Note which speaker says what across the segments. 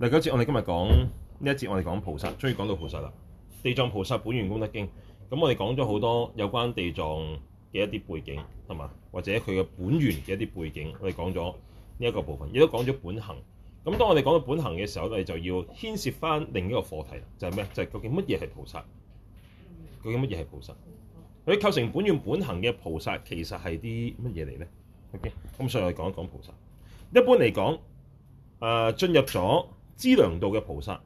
Speaker 1: 嗱，嗰次我哋今日講呢一節，我哋講菩薩，終於講到菩薩啦。地藏菩薩本願功德經，咁我哋講咗好多有關地藏嘅一啲背景，係嘛？或者佢嘅本源嘅一啲背景，我哋講咗呢一個部分，亦都講咗本行。咁當我哋講到本行嘅時候，我哋就要牽涉翻另一個課題啦，就係、是、咩？就係、是、究竟乜嘢係菩薩？究竟乜嘢係菩薩？佢構成本願本行嘅菩薩，其實係啲乜嘢嚟咧？OK，咁所以我哋講一講菩薩。一般嚟講，誒、啊、進入咗。資糧道嘅菩薩，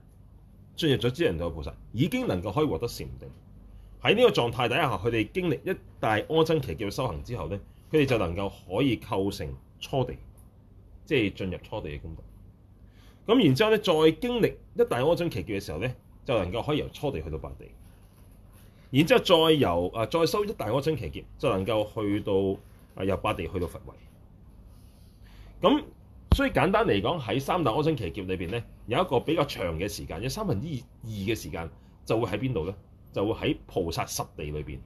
Speaker 1: 進入咗資糧道嘅菩薩，已經能夠可以獲得禪定。喺呢個狀態底下，佢哋經歷一大阿僧祇劫嘅修行之後咧，佢哋就能夠可以構成初地，即係進入初地嘅功德。咁然之後咧，再經歷一大阿僧祇劫嘅時候咧，就能夠可以由初地去到八地。然之後再由啊，再修一大阿僧祇劫，就能夠去到啊，由八地去到佛位。咁所以簡單嚟講，喺三大阿僧祇劫裏面咧，有一個比較長嘅時間，有三分之二嘅時間就會喺邊度咧？就會喺菩薩十地裏面。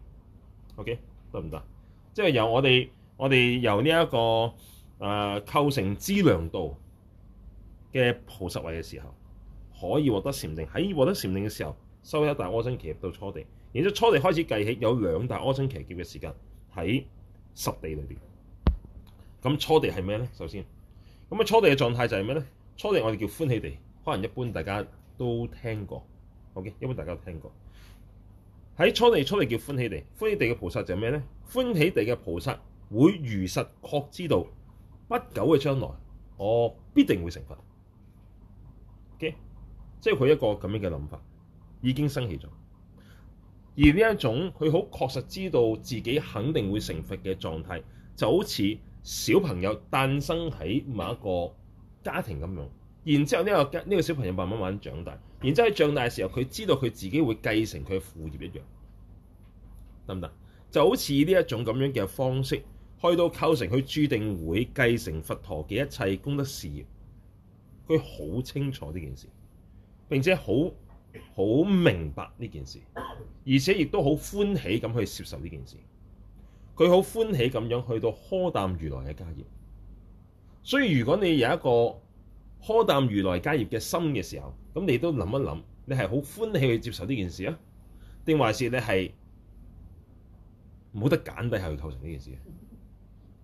Speaker 1: OK，得唔得？即係由我哋我哋由呢一個誒構成資糧道嘅菩薩位嘅時候，可以獲得禪定。喺獲得禪定嘅時候，修一大阿僧祇劫到初地，然之後初地開始計起有兩大阿僧祇劫嘅時間喺十地裏面。咁初地係咩咧？首先。咁啊，初地嘅狀態就係咩咧？初地我哋叫歡喜地，可能一般大家都聽過。ok 一般大家都聽過。喺初地，初地叫歡喜地。歡喜地嘅菩薩就係咩咧？歡喜地嘅菩薩會如實確知道不久嘅將來，我必定會成佛。嘅，OK？即係佢一個咁樣嘅諗法，已經升起咗。而呢一種佢好確實知道自己肯定會成佛嘅狀態，就好似。小朋友誕生喺某一個家庭咁樣，然之後呢個呢個小朋友慢慢慢慢長大，然之後喺長大嘅時候，佢知道佢自己會繼承佢嘅父業一樣，得唔得？就好似呢一種咁樣嘅方式，去到構成佢註定會繼承佛陀嘅一切功德事業，佢好清楚呢件事，並且好好明白呢件事，而且亦都好歡喜咁去接受呢件事。佢好歡喜咁樣去到荷擔如來嘅家業，所以如果你有一個荷擔如來家業嘅心嘅時候，咁你都諗一諗，你係好歡喜去接受呢件事啊，定還是你係冇得揀底下去構成呢件事嘅，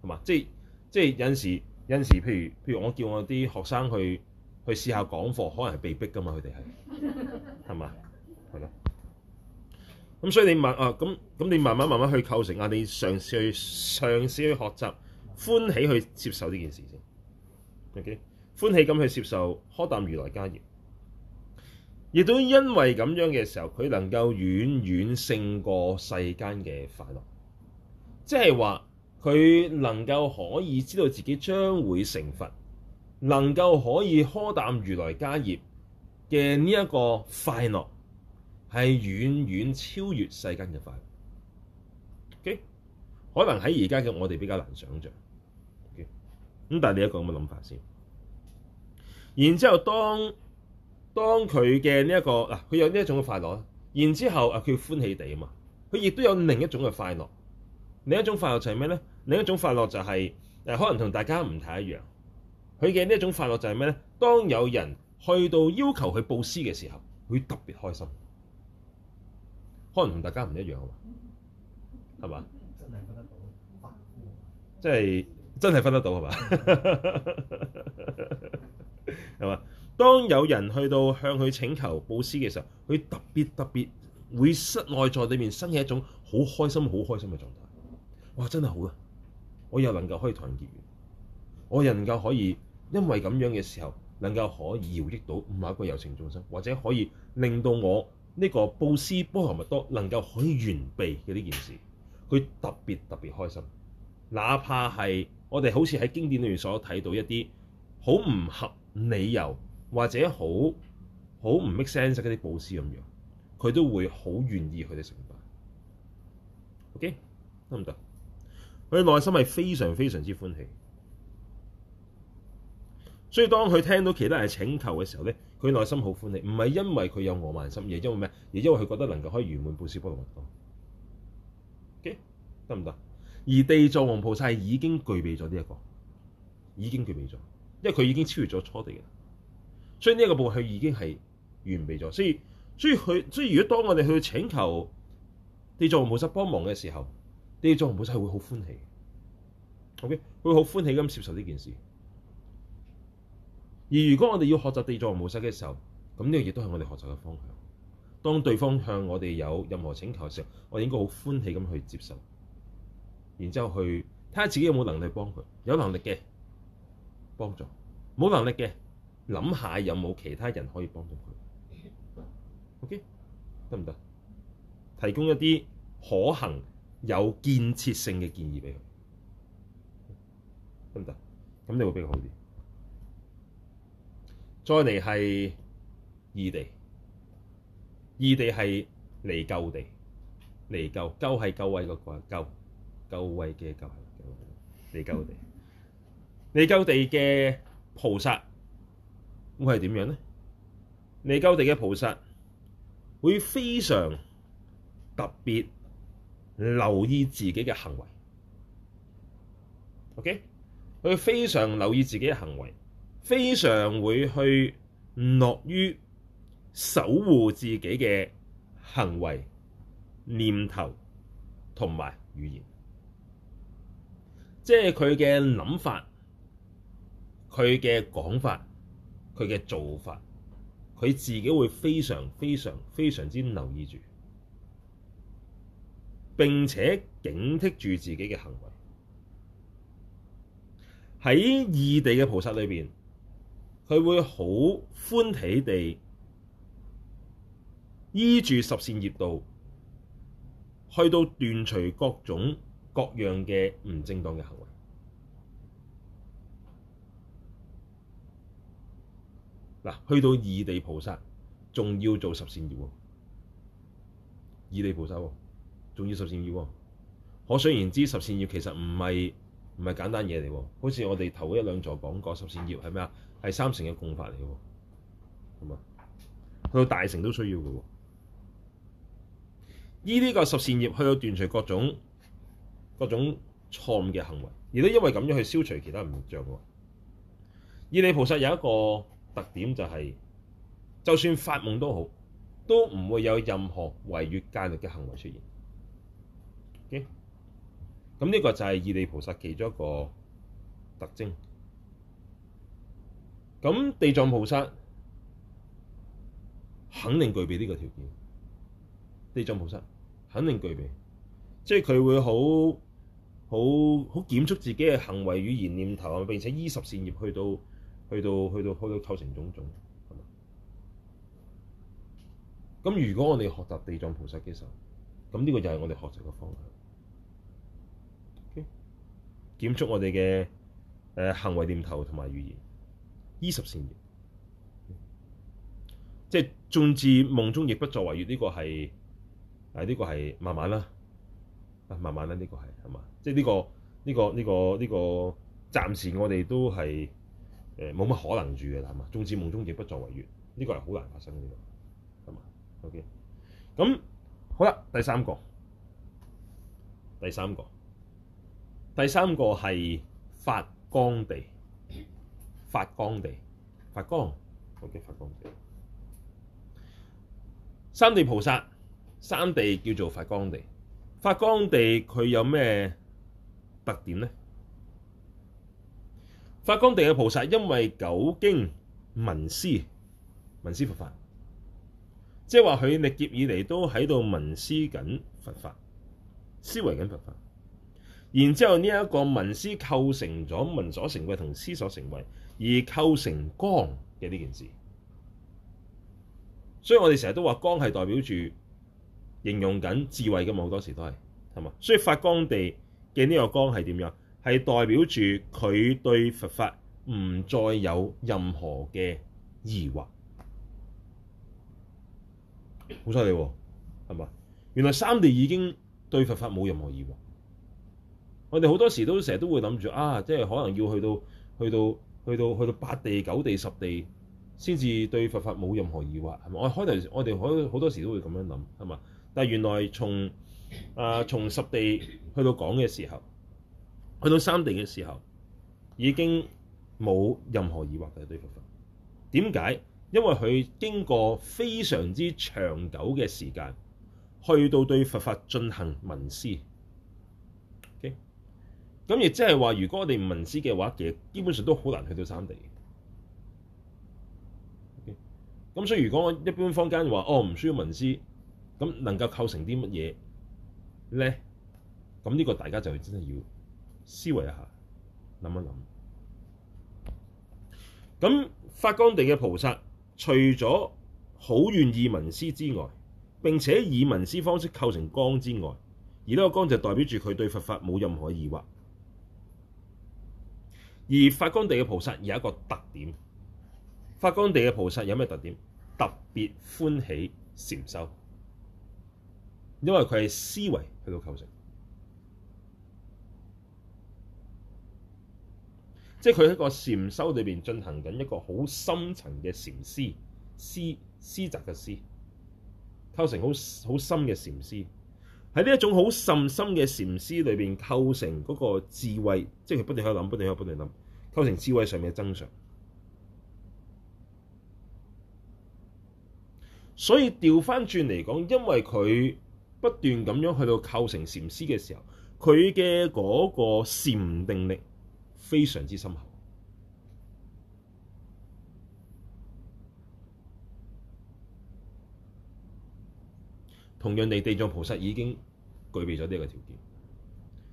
Speaker 1: 係嘛？即係即係有陣時，有陣時譬如譬如我叫我啲學生去去試下講課，可能係被逼㗎嘛，佢哋係係嘛，係咯。咁、嗯、所以你慢啊，咁咁你慢慢慢慢去構成啊，你嘗試去嘗試去學習，歡喜去接受呢件事先。Okay? 歡喜咁去接受，荷擔如來家業。亦都因為咁樣嘅時候，佢能夠遠遠勝過世間嘅快樂。即係話，佢能夠可以知道自己將會成佛，能夠可以荷擔如來家業嘅呢一個快樂。係遠遠超越世間嘅快樂。O、okay? K，可能喺而家嘅我哋比較難想像。咁、okay? 但係你一個咁嘅諗法先。然之後、這個啊、後，當當佢嘅呢一個嗱，佢有呢一種嘅快樂啦。然之後啊，佢歡喜地啊嘛，佢亦都有另一種嘅快樂。另一種快樂就係咩咧？另一種快樂就係、是、誒、啊，可能同大家唔太一樣。佢嘅呢一種快樂就係咩咧？當有人去到要求佢布施嘅時候，佢特別開心。可能同大家唔一樣啊嘛，係嘛、嗯？吧真係分得到，即係吧真係分得到係嘛？係嘛？ 當有人去到向佢請求佈施嘅時候，佢特別特別會室內在裏面生起一種好開心、好開心嘅狀態。哇！真係好啊！我又能夠可以同人結緣，我又能夠可以因為咁樣嘅時候，能夠可以饒益到唔係一個有情眾生，或者可以令到我。呢個布施波羅蜜多能夠可以完備嘅呢件事，佢特別特別開心。哪怕係我哋好似喺經典裏面所睇到一啲好唔合理由，或者好好唔 make sense 嗰啲布施咁樣，佢都會好願意佢哋成辦。OK 得唔得？佢內心係非常非常之歡喜的。所以當佢聽到其他人的請求嘅時候咧。佢內心好歡喜，唔係因為佢有我慢心，嘢，因為咩？而因為佢覺得能夠可以圓滿布施波羅蜜多，OK，得唔得？而地藏王菩薩已經具備咗呢一個，已經具備咗，因為佢已經超越咗初地啦。所以呢一個部分已經係完備咗，所以所以佢所以如果當我哋去請求地藏王菩薩幫忙嘅時候，地藏王菩薩會好歡喜，OK，會好歡喜咁接受呢件事。而如果我哋要學習地藏模式嘅時候，咁呢個亦都係我哋學習嘅方向。當對方向我哋有任何請求嘅時候，我哋應該好歡喜咁去接受，然之後去睇下自己有冇能力幫佢。有能力嘅幫助，冇能力嘅諗下有冇其他人可以幫助佢。OK，得唔得？提供一啲可行、有建設性嘅建議俾佢，得唔得？咁你會比較好啲。再嚟係二地，二地係離垢地，離垢垢係垢位個個垢，垢位嘅垢係離垢地。離垢地嘅菩薩會係點樣咧？離垢地嘅菩薩會非常特別留意自己嘅行為，OK，佢非常留意自己嘅行為。非常會去樂於守護自己嘅行為、念頭同埋語言，即係佢嘅諗法、佢嘅講法、佢嘅做法，佢自己會非常非常非常之留意住，並且警惕住自己嘅行為。喺二地嘅菩薩裏邊。佢會好歡喜地依住十善業道，去到斷除各種各樣嘅唔正當嘅行為。嗱，去到二地菩薩仲要做十善業，二地菩薩仲要十善業。可想而知，十善業其實唔係唔係簡單嘢嚟喎。好似我哋頭一兩座講過十善業係咩啊？係三成嘅共法嚟嘅，係嘛？去到大城都需要嘅。依呢個十善業去到斷除各種各種錯誤嘅行為，而都因為咁樣去消除其他唔像嘅。二離菩薩有一個特點就係、是，就算發夢都好，都唔會有任何違越戒律嘅行為出現。咁、okay? 呢個就係二離菩薩其中一個特徵。咁地藏菩薩肯定具備呢個條件，地藏菩薩肯定具備，即係佢會好好好檢束自己嘅行為、語言、念頭啊，並且依十善業去到去到去到去到，去到，去到構成種種，係嘛？咁如果我哋學習地藏菩薩嘅時候，咁呢個就係我哋學習嘅方向，OK? 檢束我哋嘅誒行為、念頭同埋語言。依十善業，即係縱至夢中亦不作違越。呢、這個係誒呢個係慢慢啦，啊慢慢啦，呢、這個係係嘛，即係、這、呢個呢、這個呢、這個呢、這個，暫時我哋都係誒冇乜可能住嘅啦，係嘛，縱至夢中亦不作違越，呢、這個係好難發生嘅呢個，係嘛，OK，咁好啦，第三個，第三個，第三個係發光地。發光地，發光，我叫發光地。三地菩薩，三地叫做發光地。發光地佢有咩特點呢？發光地嘅菩薩，因為久經聞思聞思佛法，即係話佢歷劫以嚟都喺度聞思緊佛法，思維緊佛法。然之後呢一個文思構成咗文所成慧同思所成慧，而構成光嘅呢件事。所以我哋成日都話光係代表住形容緊智慧嘅嘛，好多時都係，係嘛？所以發光地嘅呢個光係點樣？係代表住佢對佛法唔再有任何嘅疑惑。好犀利喎，係嘛？原來三地已經對佛法冇任何疑惑。我哋好多時都成日都會諗住啊，即係可能要去到去到去到去到，去到八地九地十地，先至對佛法冇任何疑惑，係咪？我開頭我哋好好多時都會咁樣諗，係嘛？但係原來從啊從十地去到講嘅時候，去到三地嘅時候，已經冇任何疑惑嘅對佛法。點解？因為佢經過非常之長久嘅時間，去到對佛法進行聞思。咁亦即係話，如果我哋唔聞思嘅話，其實基本上都好難去到三地。咁所以，如果我一般坊間話哦唔需要聞思，咁能夠構成啲乜嘢咧？咁呢個大家就真係要思維一下，諗一諗。咁發光地嘅菩薩，除咗好願意聞思之外，並且以聞思方式構成光之外，而呢個光就代表住佢對佛法冇任何疑惑。而發光地嘅菩薩有一個特點，發光地嘅菩薩有咩特點？特別歡喜禪修，因為佢係思維去到構成，即係佢喺個禪修裏邊進行緊一個好深層嘅禪思思思宅嘅思，構成好好深嘅禪思。喺呢一種好甚深嘅禪思裏邊構成嗰個智慧，即係佢不斷喺度諗，不斷喺度不斷諗，構成智慧上面嘅增長。所以調翻轉嚟講，因為佢不斷咁樣去到構成禪思嘅時候，佢嘅嗰個禪定力非常之深厚。同樣地，地藏菩薩已經具備咗呢一個條件，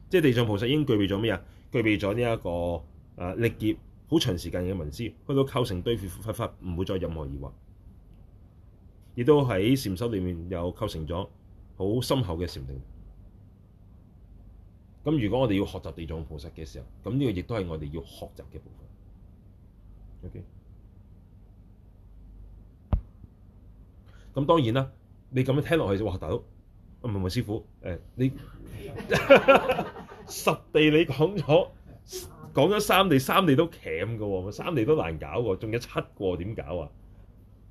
Speaker 1: 即係地藏菩薩已經具備咗咩啊？具備咗呢一個誒、呃、歷劫，好長時間嘅聞思，去到構成對佛法，唔會再任何疑惑，亦都喺禪修裡面有構成咗好深厚嘅禪定。咁如果我哋要學習地藏菩薩嘅時候，咁呢個亦都係我哋要學習嘅部分。OK，咁當然啦。你咁樣聽落去就，哇，大佬，唔係唔係師傅，誒、哎，你 十地你講咗講咗三地，三地都斬嘅喎，三地都難搞喎，仲有七個點搞啊？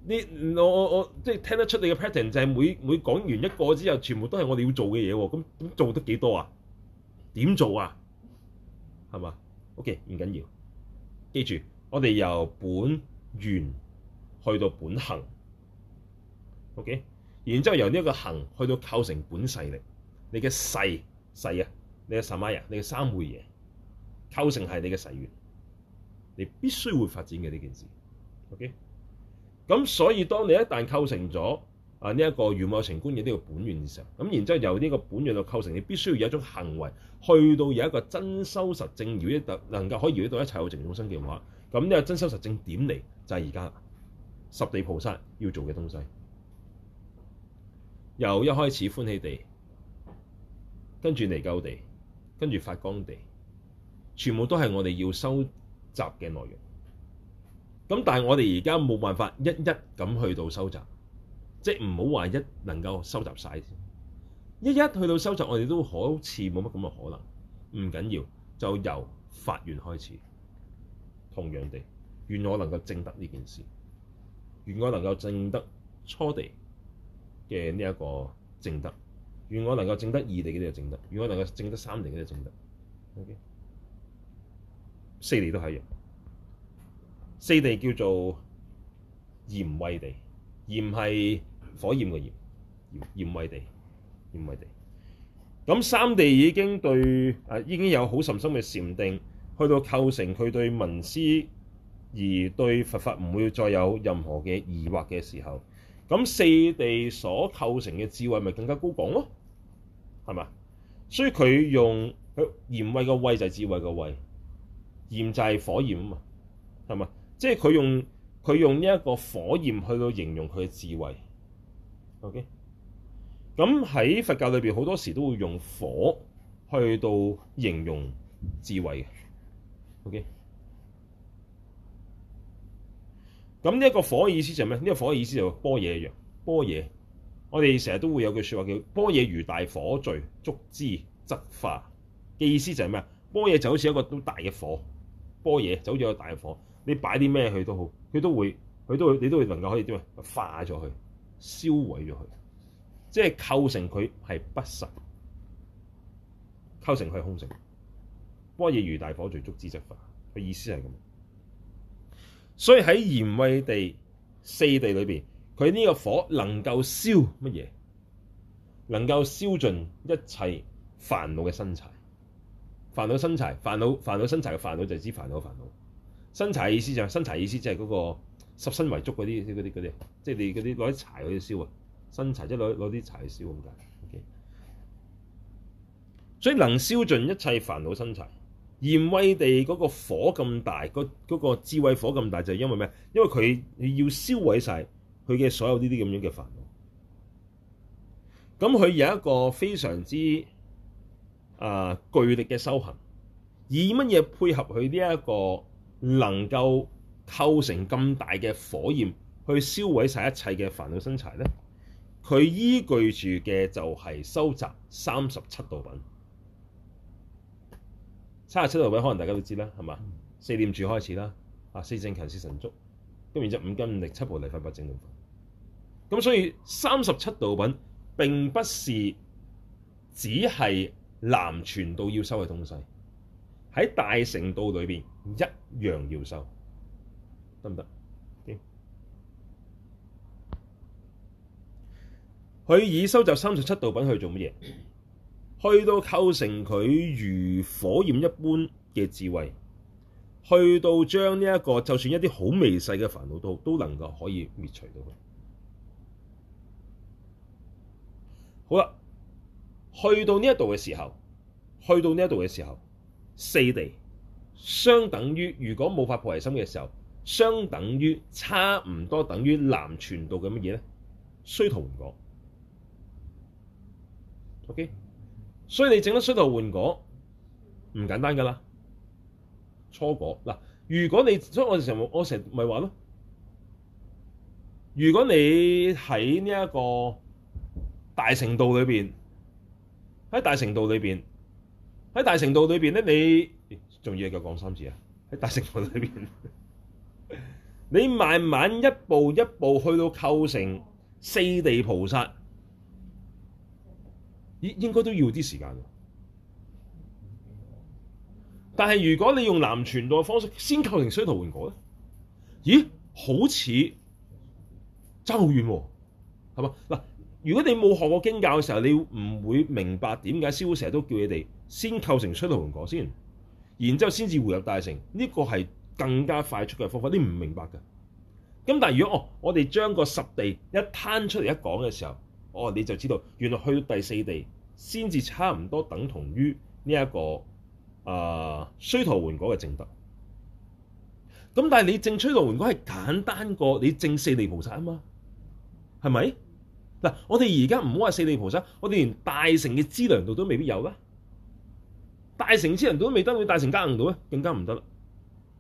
Speaker 1: 你，我我我即係聽得出你嘅 pattern 就係每每講完一個之後，全部都係我哋要做嘅嘢喎，咁咁做得幾多啊？點做啊？Okay，係嘛？OK 唔緊要，記住我哋由本源去到本行，OK。然之後由呢一個行去到構成本勢力，你嘅勢勢啊，你嘅薩瑪呀，你嘅三昧耶構成係你嘅誓願，你必須會發展嘅呢件事。OK，咁所以當你一旦構成咗啊呢一、這個如母有情觀嘅呢個本願嘅時候，咁然之後由呢個本願去構成，你必須要有一種行為去到有一個真修實證，饒益能夠可以饒益到一切有情眾生嘅話，咁呢個真修實證點嚟就係而家十地菩薩要做嘅東西。由一開始歡喜地，跟住離垢地，跟住發光地，全部都係我哋要收集嘅內容。咁但係我哋而家冇辦法一一咁去到收集，即唔好話一能夠收集晒，先，一一去到收集我哋都好似冇乜咁嘅可能。唔緊要，就由發願開始，同樣地，願我能夠證得呢件事，願我能夠證得初地。嘅呢一個證德，如果能夠證得二地嘅就證德，如果能夠證得三地嘅就證德，OK，四地都係一樣，四地叫做焰慧地，焰係火焰嘅焰，焰慧地，焰慧地。咁三地已經對啊已經有好深深嘅禪定，去到構成佢對聞思而對佛法唔會再有任何嘅疑惑嘅時候。咁四地所構成嘅智慧，咪更加高廣咯，啊，係咪？所以佢用佢焰慧個慧就係智慧個慧，焰就係火焰啊嘛，係嘛？即係佢用佢用呢一個火焰去到形容佢嘅智慧。
Speaker 2: OK，
Speaker 1: 咁喺佛教裏面好多時都會用火去到形容智慧嘅。OK。咁呢一個火嘅意、這個、意思就係咩？呢個火嘅意思就般若一樣，般若。我哋成日都會有句說話叫般若如大火聚，觸之則化嘅意思就係咩？般若就好似一個都大嘅火，般若走咗似一個大嘅火，火，你擺啲咩去都好，佢都會，佢都會你都會能夠可以點樣？化咗佢，燒毀咗佢，即係構成佢係不實，構成佢係空性。般若如大火聚，觸之則化。嘅意思係咁。所以喺焰慧地四地裏邊，佢呢個火能夠燒乜嘢？能夠燒盡一切煩惱嘅薪柴。煩惱薪柴，煩惱煩惱薪柴嘅煩惱就係指煩惱煩惱。薪柴意思就係、是、薪柴意、就是、意、意思，即係嗰個拾身為足嗰啲啲啲，即係你嗰啲攞啲柴去燒啊！薪柴即係攞攞啲柴去燒咁解。所以能燒盡一切煩惱薪柴。焰慧地嗰個火咁大，嗰、嗰個智慧火咁大，就係、係、因為咩？因為佢要燒毀晒佢嘅所有呢啲咁樣嘅煩惱。咁佢有一個非常之啊、呃、巨力嘅修行，以乜嘢配合佢呢一個能夠構成咁大嘅火焰，去燒毀晒一切嘅煩惱薪柴咧？佢依據住嘅就係收集三十七道品。三十七道品可能大家都知啦，係嘛？四念住開始啦，啊，四正勤是神足，跟住之後五根五力七菩提分、八正道，咁所以三十七道品並不是只係南傳道要收嘅東西，喺大乘道裏面一樣要收，得唔得？點？佢以收集三十七道品去做乜嘢？去到構成佢如火焰一般嘅智慧，去到將呢、這、一個就算一啲好微細嘅煩惱都都能夠可以滅除到佢。好啦，去到呢一度嘅時候，去到呢一度嘅時候，四地相等於如果冇法破壞心嘅時候，相等於差唔多等於南傳道嘅乜嘢咧？須陀洹果。OK。所以你整得須陀洹果唔簡單噶啦，初果嗱。如果你所以我成我成日咪話咯，如果你喺呢一個大乘道裏邊，喺大乘道裏邊，喺大乘道裏邊咧，你仲要係講三次啊？喺大乘道裏邊，你慢慢一步一步去到構成四地菩薩。應應該都要啲時間，但係如果你用南傳道嘅方式，先構成須陀洹果咧，咦？好似爭好遠喎，係嘛？嗱，如果你冇學過經教嘅時候，你唔會明白點解師父成日都叫你哋先構成須陀洹果先，然之後先至回入大乘。呢個係更加快速嘅方法，你唔明白㗎。咁但係如果哦，我哋將個十地一攤出嚟一講嘅時候。哦，你就知道原來去到第四地先至差唔多等同於呢一個啊，須陀洹果嘅證德。咁但係你證須陀洹果係簡單過你證四地菩薩啊嘛，係咪嗱？我哋而家唔好話四地菩薩，我哋連大乘嘅資糧道都未必有啦。大乘資糧道都未得，你大乘加行道呢更加唔得啦。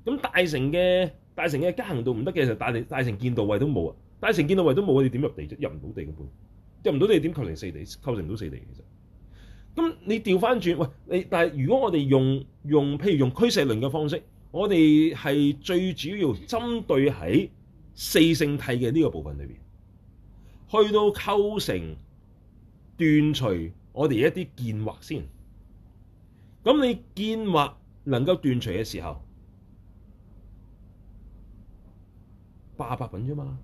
Speaker 1: 咁大乘嘅大乘嘅加行道唔得嘅，就大乘大乘見道位都冇啊。大乘見道位都冇，你點入地啫？入唔到地嘅掉唔到地，點構成四地？構成唔到四地其實。咁你調翻轉，喂你，但係如果我哋用用譬如用俱舍論嘅方式，我哋係最主要針對喺四聖諦嘅呢個部分裏邊，去到構成斷除我哋一啲見惑先。咁你見惑能夠斷除嘅時候，八百品啫嘛，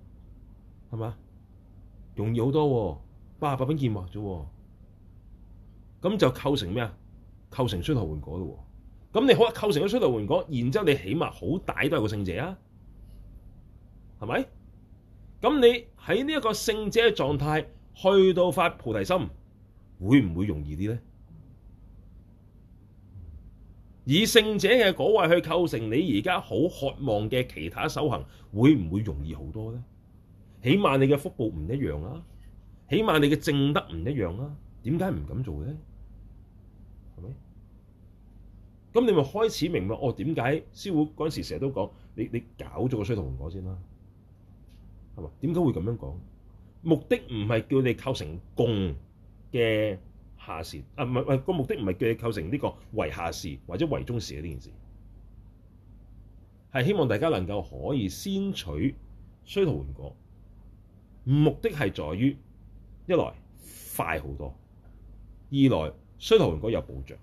Speaker 1: 係嘛？容易好多喎、啊。八十八品見惑啫，咁就構成咩啊？構成須陀洹果咯，咁你可以構成咗須陀洹果，然之後你起碼好歹都係個聖者啊，係咪？咁你喺呢一個聖者嘅狀態去到發菩提心，會唔會容易啲咧？以聖者嘅果位去構成你而家好渴望嘅其他修行，會唔會容易好多咧？起碼你嘅福報唔一樣啦。起碼你嘅證得唔一樣啦，點解唔敢做咧？係咪？咁你咪開始明白哦？點解師父嗰陣時成日都講你你搞咗個須陀洹果先啦，係嘛？點解會咁樣講？目的唔係叫你構成共嘅下士啊，唔係個目的唔係叫你構成呢個唯下士或者唯中士嘅呢件事，係希望大家能夠可以先取須陀洹果，目的係在於。一來快好多，二來衰頭應該有保障，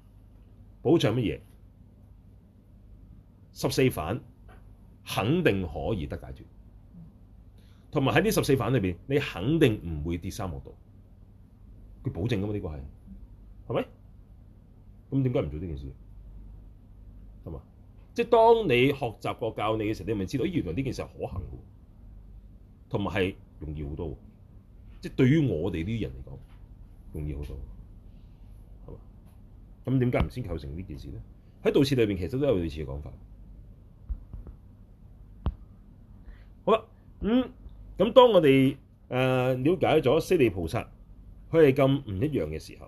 Speaker 1: 保障乜嘢？十四反肯定可以得解決，同埋喺呢十四反裏面，你肯定唔會跌三個度，佢保證噶嘛？呢個係係咪？咁點解唔做呢件事？係嘛？即係當你學習過教你嘅時候，你咪知道，原來呢件事係可行喎，同埋係容易好多。即係對於我哋呢啲人嚟講，容易好多，係嘛？咁點解唔先構成呢件事咧？喺道次裏邊，其實都有類似嘅講法。好啦，咁、嗯、咁當我哋誒瞭解咗四地菩薩，佢哋咁唔一樣嘅時候，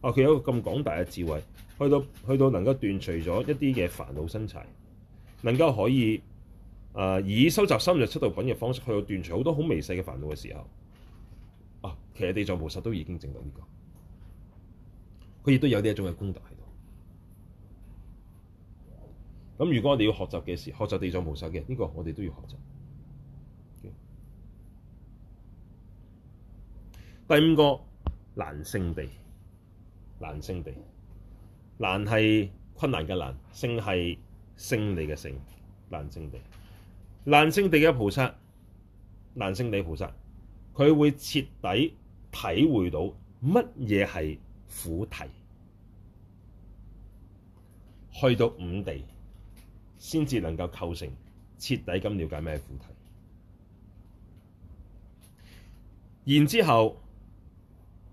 Speaker 1: 啊，佢有咁廣大嘅智慧，去到去到能夠斷除咗一啲嘅煩惱薪柴，能夠可以誒、呃、以修習三十七道品嘅方式，去到斷除好多好微細嘅煩惱嘅時候。其實地藏菩薩都已經證到呢個，佢亦都有呢一種嘅功德喺度。咁如果我哋要學習嘅時，學習地藏菩薩嘅呢個，我哋都要學習。第五個難勝地，難勝地，難係困難嘅難，勝係勝利嘅勝，難勝地。難勝地嘅菩薩，難勝地菩薩，佢會徹底體會到乜嘢係苦諦，去到五地先至能夠構成徹底咁了解咩苦諦。然之後，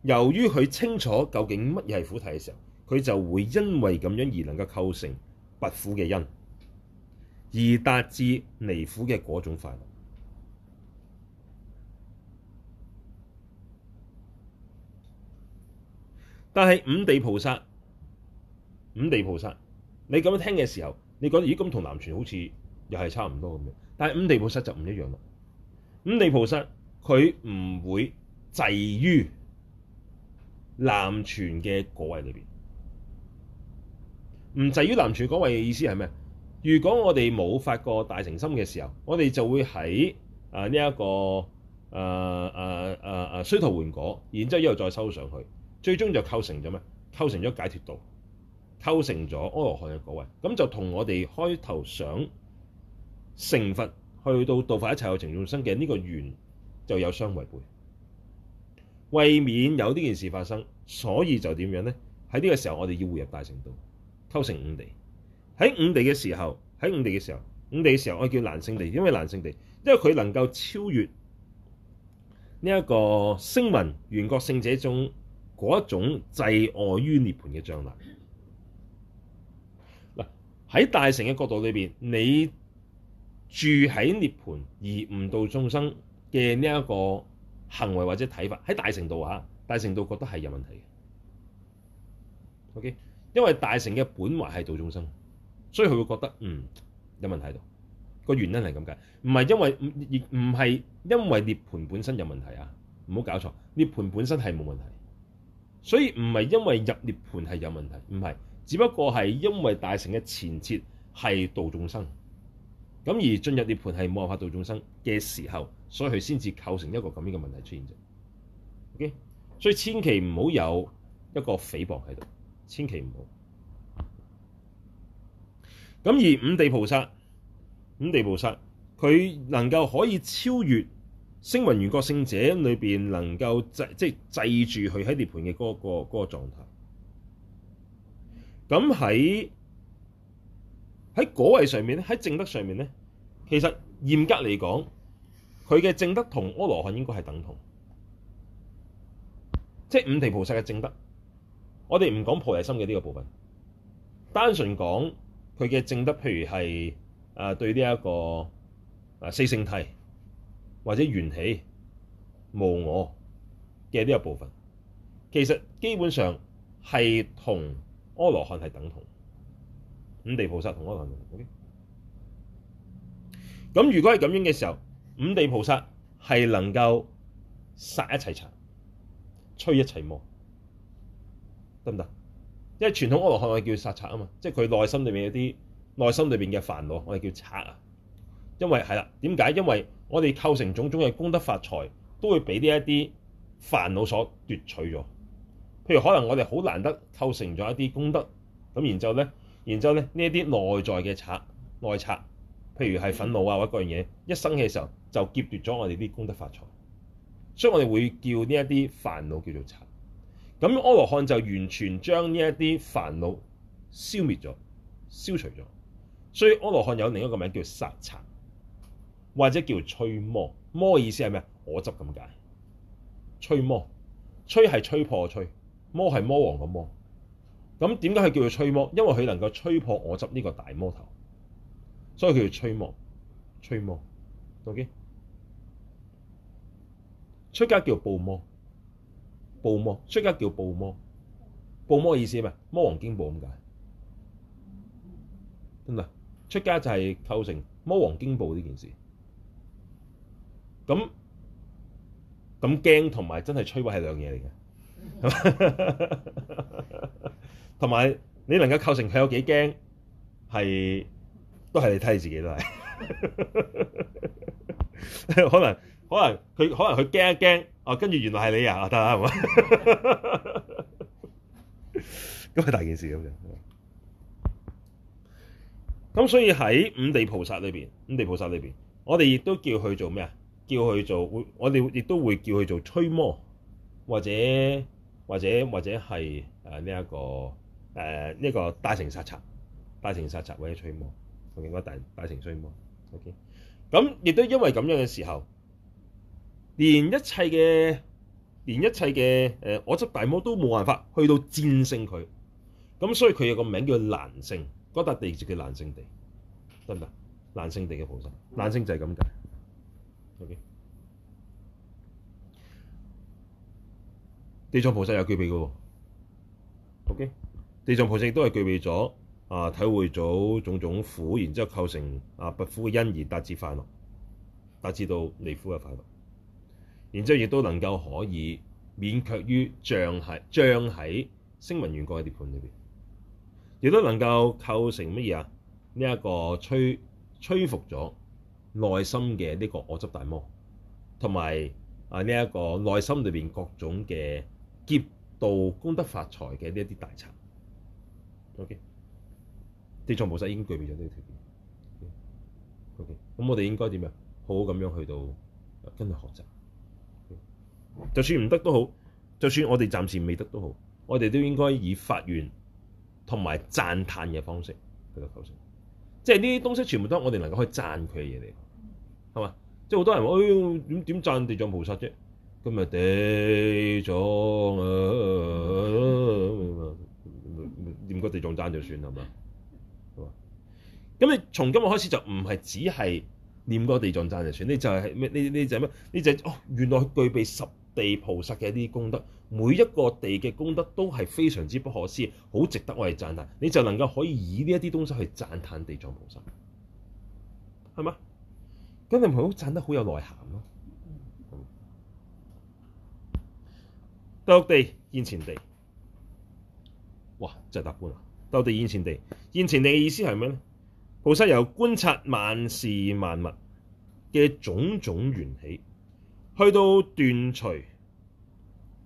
Speaker 1: 由於佢清楚究竟乜嘢係苦諦嘅時候，佢就會因為咁樣而能夠構成拔苦嘅因，而達至離苦嘅嗰種快樂。但係五地菩薩，五地菩薩，你咁樣聽嘅時候，你覺得咦，咁同南傳好似又係差唔多咁樣。但係五地菩薩就唔一樣啦。五地菩薩佢唔會滯於南傳嘅果位裏邊。唔滯於南傳果位嘅意思係咩？如果我哋冇發過大誠心嘅時候，我哋就會喺啊呢一個啊啊啊啊須陀洹果，然之後又再收上去。最終就構成咗咩？構成咗解脫道，構成咗阿羅漢嘅果位。咁就同我哋開頭想成佛去到度化一切有情眾生嘅呢個願就有相違背，為免有呢件事發生，所以就點樣咧？喺呢個時候我哋要回入大乘道，構成五地。喺五地嘅時候，喺五地嘅時候，五地嘅時候我叫難勝地，因為難勝地，因為佢能夠超越呢一個聲聞緣覺聖者中。嗰一種滯礙於涅槃嘅障礙嗱，喺大乘嘅角度裏邊，你住喺涅槃而唔度眾生嘅呢一個行為或者睇法，喺大乘度下，大乘度覺得係有問題嘅。O K，因為大乘嘅本懷係度眾生，所以佢會覺得，嗯，有問題度個原因係咁解，唔係因為唔唔係因為涅槃本身有問題啊。唔好搞錯，涅槃本身係冇問題。所以唔係因為入涅盤係有問題，唔係，只不過係因為大乘嘅前設係度眾生，咁而進入涅盤係冇辦法度眾生嘅時候，所以佢先至構成一個咁樣嘅問題出現啫。OK，所以千祈唔好有一個誹謗喺度，千祈唔好。咁而五地菩薩，五地菩薩佢能夠可以超越。聲聞、緣覺聖者裏邊能夠制，即係制住佢喺涅槃嘅嗰個嗰個狀態。咁喺喺果位上面咧，喺正德上面咧，其實嚴格嚟講，佢嘅正德同阿羅漢應該係等同，即係五地菩薩嘅正德。我哋唔講菩提心嘅呢個部分，單純講佢嘅正德，譬如係啊，對呢一個啊四聖諦。或者緣起無我嘅呢個部分，其實基本上係同阿羅漢係等同。五地菩薩同阿羅漢係等同。咁如果係咁樣嘅時候，五地菩薩係能夠殺一齊賊，摧一齊魔，得唔得？因為傳統阿羅漢係叫殺賊啊嘛，即係佢內心裏面有啲內心裏面嘅煩惱，我哋叫賊啊。因為係啦，點解？因為我哋構成種種嘅功德法財，都會俾呢一啲煩惱所奪取咗。譬如可能我哋好難得構成咗一啲功德，咁然之後咧，然之後咧，呢一啲內在嘅賊，內賊，譬如係憤怒啊或者各樣嘢，一生氣嘅時候就劫奪咗我哋啲功德法財。所以我哋會叫呢一啲煩惱叫做賊。咁阿羅漢就完全將呢一啲煩惱消滅咗、消除咗。所以阿羅漢有另一個名叫殺賊。或者叫吹魔，魔嘅意思係咩？我執咁解，吹魔，吹係吹破嘅吹，魔係魔王嘅魔。咁點解佢叫做吹魔？因為佢能夠吹破我執呢個大魔頭，所以佢叫吹魔。吹魔，OK？出家叫布魔，布魔，出家叫布魔，布魔嘅意思係咩？魔王驚布咁解，真係出家就係構成魔王驚布呢件事。咁咁驚同埋真係摧毀係兩嘢嚟嘅。同埋、嗯、 你能夠構成佢有幾驚？係都係你睇你自己都係。 可能可能佢可能佢驚一驚，哦、啊，跟住原來係你啊，得啦，係嘛、嗯？咁係 大件事咁樣。咁所以喺五地菩薩裏邊，五地菩薩裏邊，我哋亦都叫佢做咩啊？叫佢做，我我哋亦都會叫佢做摧魔，或者或者或者係誒呢一個誒呢、呃這個大城殺賊，大城殺賊或者摧魔同埋嗰個大大城摧魔。OK，咁亦都因為咁樣嘅時候，連一切嘅連一切嘅誒，我、呃、執大魔都冇辦法去到戰勝佢，咁所以佢有個名叫難勝，嗰笪地就叫難勝地，得唔得？難勝地嘅菩薩，難勝就係咁解。地藏菩薩有具備嘅喎，OK，地藏菩薩亦都係具備咗、okay. 啊，體會咗種種苦，然之後構成啊不苦因而然達至快樂，達至到離苦嘅快樂，然之後亦都能夠可以勉卻於像喺障喺聲聞緣覺嘅涅槃裏面，亦都能夠構成乜嘢啊？呢、這、一個摧摧伏咗。內心嘅呢個我執大魔，同埋啊呢一個內心裏邊各種嘅劫道、功德、發財嘅呢一啲大賊，OK 地藏菩薩已經具備咗呢個條件。OK，咁、OK？我哋應該點樣？好好咁樣去到跟佢學習。OK？就算唔得都好，就算我哋暫時未得都好，我哋都應該以發願同埋讚嘆嘅方式去到求成。即係呢啲東西全部都係我哋能夠可以讚佢嘅嘢嚟。係嘛？即係好多人話，哎，點點贊地藏菩薩啫？今日地藏啊！唸個地藏贊就算係嘛？咁你從今日開始就唔係只係念個地藏贊就算，你就係、係、咩？呢呢就咩、係？呢就係、哦，原來具備十地菩薩嘅呢啲功德，每一個地嘅功德都係非常之不可思議，好值得我哋贊嘆。你就能夠可以以呢一啲東西去贊嘆地藏菩薩，係嘛？咁你唔好賺得好有內涵咯。六地現前地，哇！真係大官啊！六地現前地，現前地嘅意思係咩咧？菩薩由觀察萬事萬物嘅種種緣起，去到斷除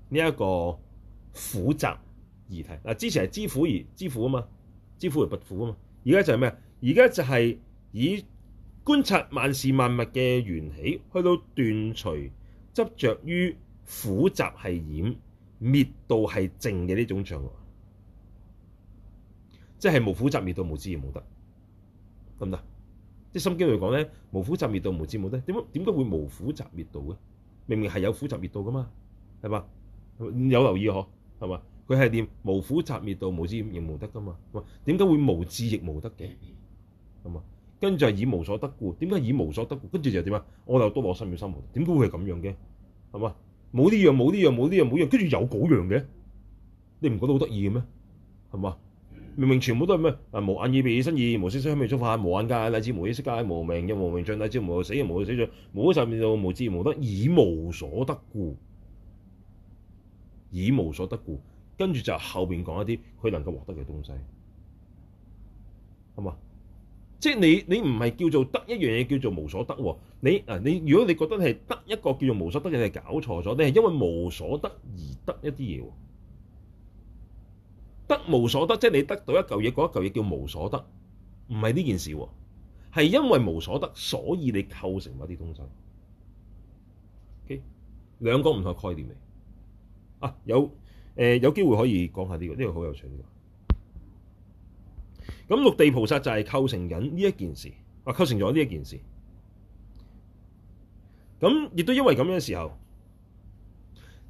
Speaker 1: 呢一個苦集二諦。嗱，之前係知苦而知苦啊嘛，知苦而不苦啊嘛。而家就係咩啊？而家就係以觀察萬事萬物嘅緣起，去到斷除執着於苦集係染滅道係淨嘅呢種障礙，即係無苦集滅道無智亦無得，得唔得？即係心經嚟講咧，無苦集滅道無智，無得，點解，點解會無苦集滅道嘅？明明係有苦集滅道噶嘛，係嘛？有留意嗬，係嘛？佢係念無苦集滅道無智亦無得噶嘛？點解會無智亦無得嘅？咁啊？跟住就以無所得故，點解以無所得故？跟住就點啊？我又多羅心與心無，點解會係咁樣嘅？係嘛？冇呢樣，冇呢樣，冇呢樣，冇呢樣，跟住有嗰樣嘅，你唔覺得好得意嘅咩？係嘛？明明全部都係咩？啊！無眼耳鼻舌身意，無色聲香味觸法，無眼界、乃至無意識界，無明又無明盡，乃至無死又無死盡，無所上面就無智無得，以無所得故，以無所得故，跟住就後邊講一啲佢能夠獲得嘅東西，係嘛？即係你，你唔係叫做得一樣嘢，叫做無所得喎。你啊，你如果你覺得係得一個叫做無所得嘅係搞錯咗，你係因為無所得而得一啲嘢。得無所得，即係你得到一嚿嘢，嗰一嚿嘢叫無所得，唔係呢件事喎。係因為無所得，所以你構成某啲東西。Okay? 兩個唔同概念嚟。啊，有誒、呃、有機會可以講下呢個，呢個好有趣。咁六地菩薩就係構成緊呢一件事，啊，構成咗呢一件事。咁亦都因為咁樣嘅時候，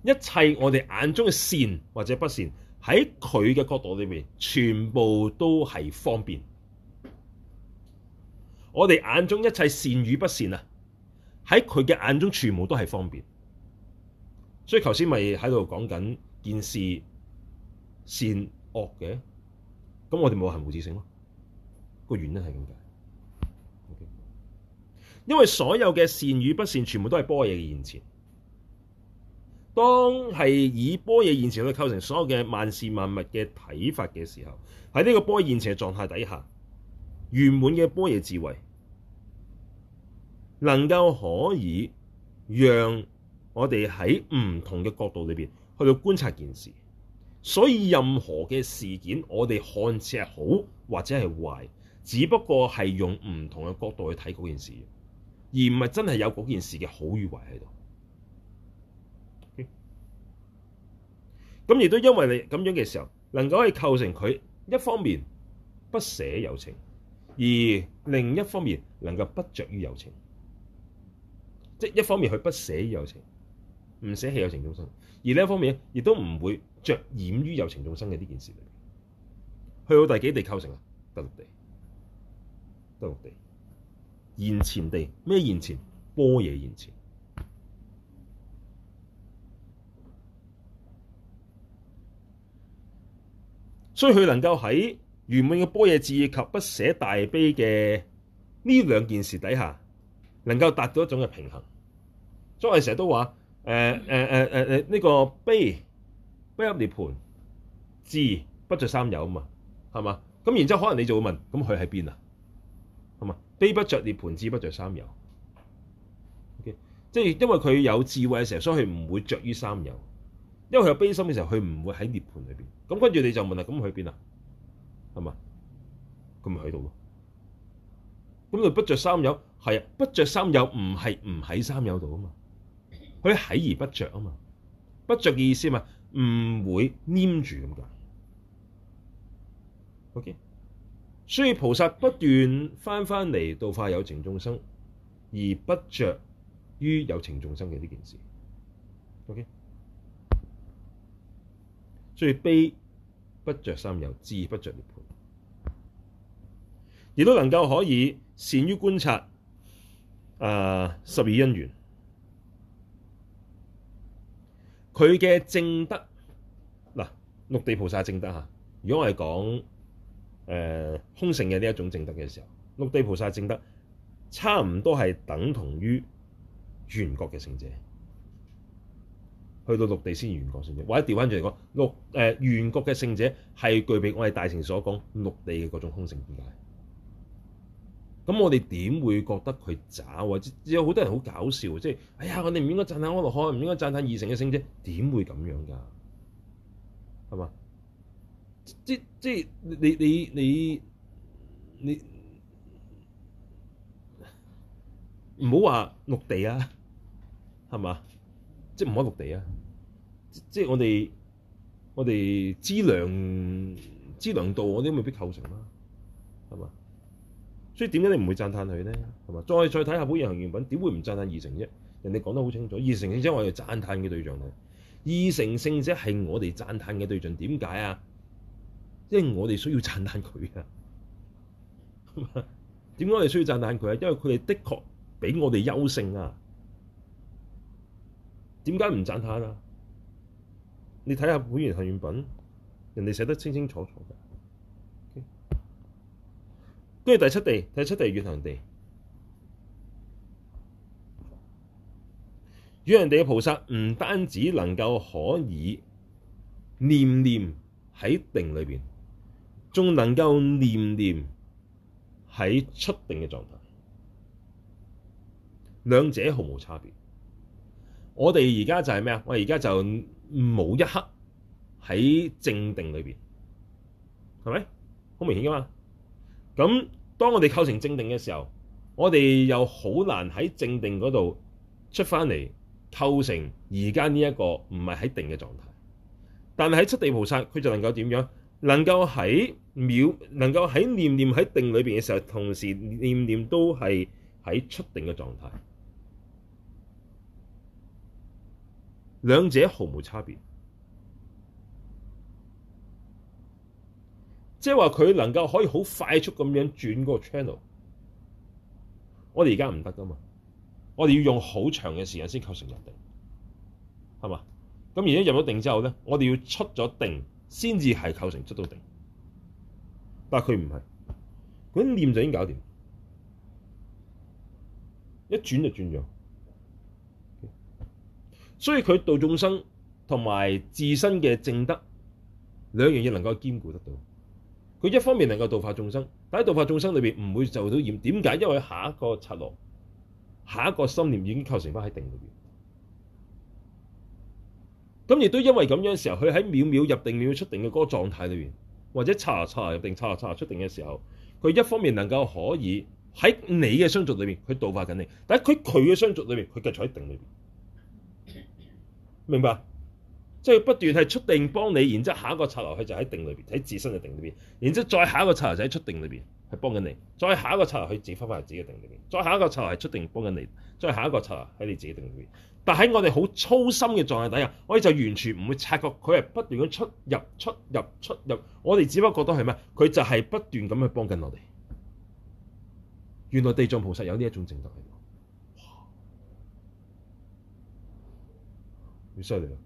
Speaker 1: 一切我哋眼中嘅善或者不善，喺佢嘅角度裏面全部都係方便。我哋眼中一切善與不善啊，喺佢嘅眼中全部都係方便。所以頭先咪喺度講緊件事善惡嘅。咁我哋冇恆無止性咯，原個原因係咁解，okay. 因為所有嘅善與不善，全部都係般若嘅現前。當係以般若現前去構成所有嘅萬事萬物嘅睇法嘅時候，喺呢個般若現前嘅狀態底下，圓滿嘅般若智慧，能夠可以讓我哋喺唔同嘅角度裏邊去到觀察件事。所以任何嘅事件，我哋看似係好或者係壞，只不過係用唔同嘅角度去睇嗰件事，而唔係真係有嗰件事嘅好與壞喺度。咁亦都因為你咁樣嘅時候，能夠去構成佢一方面不捨有情，而另一方面能夠不着於有情，即係一方面佢不捨有情，唔捨棄有情中心，而另一方面亦都唔會。着染於有情眾生嘅呢件事嚟，去到第幾地構成啊？第六地，第六地，現前地咩？現前般若，現前，所以佢能夠喺圓滿嘅般若智及不捨大悲嘅呢兩件事底下，能夠達到一種嘅平衡。所以我哋成日都話誒誒誒誒誒呢個悲。不入涅槃智不着三有啊嘛，係嘛？咁然之後，可能你就會問：咁佢喺邊啊？係嘛？悲不着涅槃智不着三有，即、okay? 係因為佢有智慧嘅時候，所以佢唔會着於三有。因為佢有悲心嘅時候，佢唔會喺涅槃裏邊。咁跟住你就問啦：咁佢喺邊啊？係嘛？佢咪喺度咯？咁佢不着三有係啊，不着三有唔係唔喺三有度啊嘛，佢喺而不着啊嘛，不着嘅意思嘛。唔會黏住咁㗎，OK。所以菩薩不斷返返嚟度化有情眾生，而不着於有情眾生嘅呢件事，OK。所以悲不着三有，智不着涅槃，而都能夠可以善於觀察，誒、呃、十二因緣。佢嘅正德嗱，六地菩薩正德嚇。如果我係講誒、呃、空性嘅呢一種正德嘅時候，六地菩薩正德差唔多係等同於緣覺嘅聖者，去到六地先緣覺聖者。或者調翻轉嚟講，六誒緣覺嘅聖者係具備我哋大乘所講六地嘅嗰種空性境界。咁我哋點會覺得佢渣？或者有好多人好搞笑，即係哎呀，我哋唔應該讚歎阿羅漢，唔應該讚歎二乘嘅聖啫，點會咁樣㗎？係嘛？即即你你你你唔好話六地啊，係嘛？即唔可以六地啊！即即我哋我哋資糧資糧道嗰啲未必構成啦，係嘛？所以點解你唔會讚歎佢咧？係嘛？再再睇下本言行願品，點會唔讚歎二成啫？人哋講得好清楚，二成性者係我哋讚歎嘅對象嚟，二成性者係我哋讚歎嘅對象。點解啊？因為我哋需要讚歎佢啊。點 解我哋需要讚歎佢啊？因為佢哋的確俾我哋優勝啊。點解唔讚歎啊？你睇下本言行願品，人哋寫得清清楚楚嘅。跟住第七地，第七地係遠行地，遠行地嘅菩薩唔單止能夠可以念念喺定裏邊，仲能夠念念喺出定嘅狀態，兩者毫無差別。我哋而家就係咩啊？我哋而家就冇一刻喺正定裏邊，係咪？好明顯噶嘛。咁當我哋構成正定嘅時候，我哋又好難喺正定嗰度出翻嚟構成而家呢一個唔係喺定嘅狀態。但係喺七地菩薩，佢就能夠點樣？能夠喺秒，能夠喺念念喺定裏邊嘅時候，同時念念都係喺出定嘅狀態，兩者毫無差別。即係話佢能夠可以好快速咁樣轉嗰個 channel，我哋而家唔得噶嘛，我哋要用好長嘅時間先構成入定，係嘛？咁而家入咗定之後咧，我哋要出咗定先至係構成出到定，但，但佢唔係，佢啲念就已經搞掂，一轉就轉咗。所以佢度眾生同埋自身嘅正德兩樣嘢能夠兼顧得到。佢一方面能夠度化眾生，但喺度化眾生裏邊唔會受到染。點解？因為下一個策略，下一個心念已經構成翻喺定裏邊。咁亦都因為咁樣時候，佢喺秒秒入定秒秒出定嘅嗰個狀態裏邊，或者刷刷入定刷刷出定嘅時候，佢一方面能夠可以喺你嘅相續裏面，佢度化緊你，但係佢佢嘅相續裏面，佢繼續喺定裏邊。明白。即係不斷係出定幫你，然之後下一個策略佢就喺定裏邊，喺自身嘅定裏邊，然之後再下一個策略就喺出定裏邊係幫緊你，再下一個策略，佢自己翻翻嚟自己嘅定裏邊，再下一個策略，係出定幫緊你，再下一個策略，喺你自己定裏邊。但喺我哋好粗心嘅狀態底下，我哋就完全唔會察覺佢係不斷咁出，出入、出入、出入。我哋只不過覺得係咩？佢就係不斷咁去幫緊我哋。原來地藏菩薩有呢一種正德嚟。哇！好犀利啊！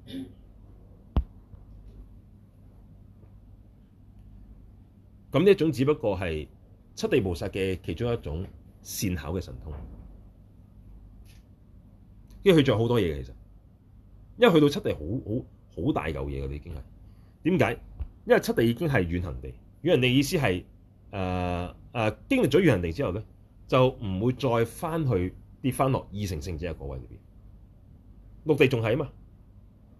Speaker 1: 咁呢一種只不過係七地菩薩嘅其中一種善巧嘅神通，因為佢仲有好多嘢嘅。其實，因為去到七地好好好大嚿嘢嘅，已經係點解？因為七地已經係遠行地，遠行地意思係誒誒經歷咗遠行地之後咧，就唔會再翻去跌翻落二乘聖者嗰位裏邊，六地仲係啊嘛，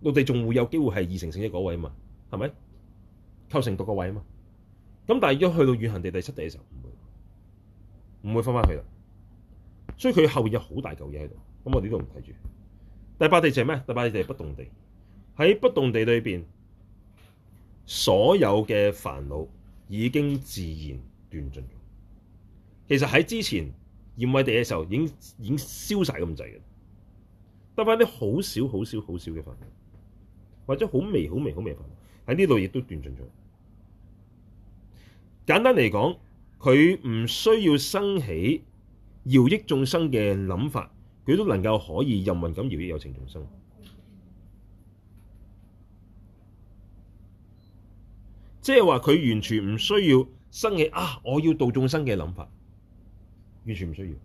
Speaker 1: 六地仲會有機會係二乘聖者嗰位啊嘛，係咪構成獨個位啊嘛？咁但係一去到遠行地第七地嘅時候，唔會唔會翻返去啦。所以佢後邊有好大嚿嘢喺度，咁我哋都唔睇住。第八地就係咩？第八地係不動地。喺不動地裏邊，所有嘅煩惱已經自然斷盡咗。其實喺之前焰慧地嘅時候，已經已經消曬咁滯嘅，得翻啲好少好少好少嘅煩惱，或者好微好微好微嘅煩惱，喺呢度亦都斷盡咗。簡單嚟講，佢唔需要生起饒益眾生嘅諗法，佢都能夠可以任運咁饒益有情眾生。即係話佢完全唔需要生起啊，我要度眾生嘅諗法，完全唔需要。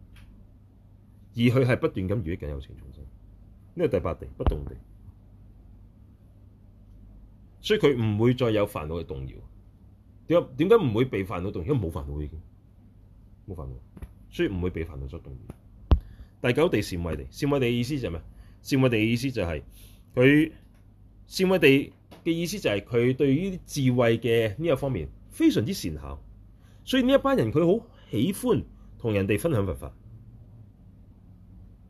Speaker 1: 而佢係不斷咁饒益緊有情眾生，呢個第八地，不動地，所以佢唔會再有煩惱嘅動搖。點解唔會被煩惱動？因為冇煩惱，已經冇煩惱，所以唔會被煩惱所動搖。第九地善慧地，善慧地嘅意思就係咩？善慧地嘅意思就係、是、佢善慧地嘅意思就係、是、佢對於智慧嘅呢一方面非常之善巧，所以呢一班人佢好喜歡同人哋分享佛法。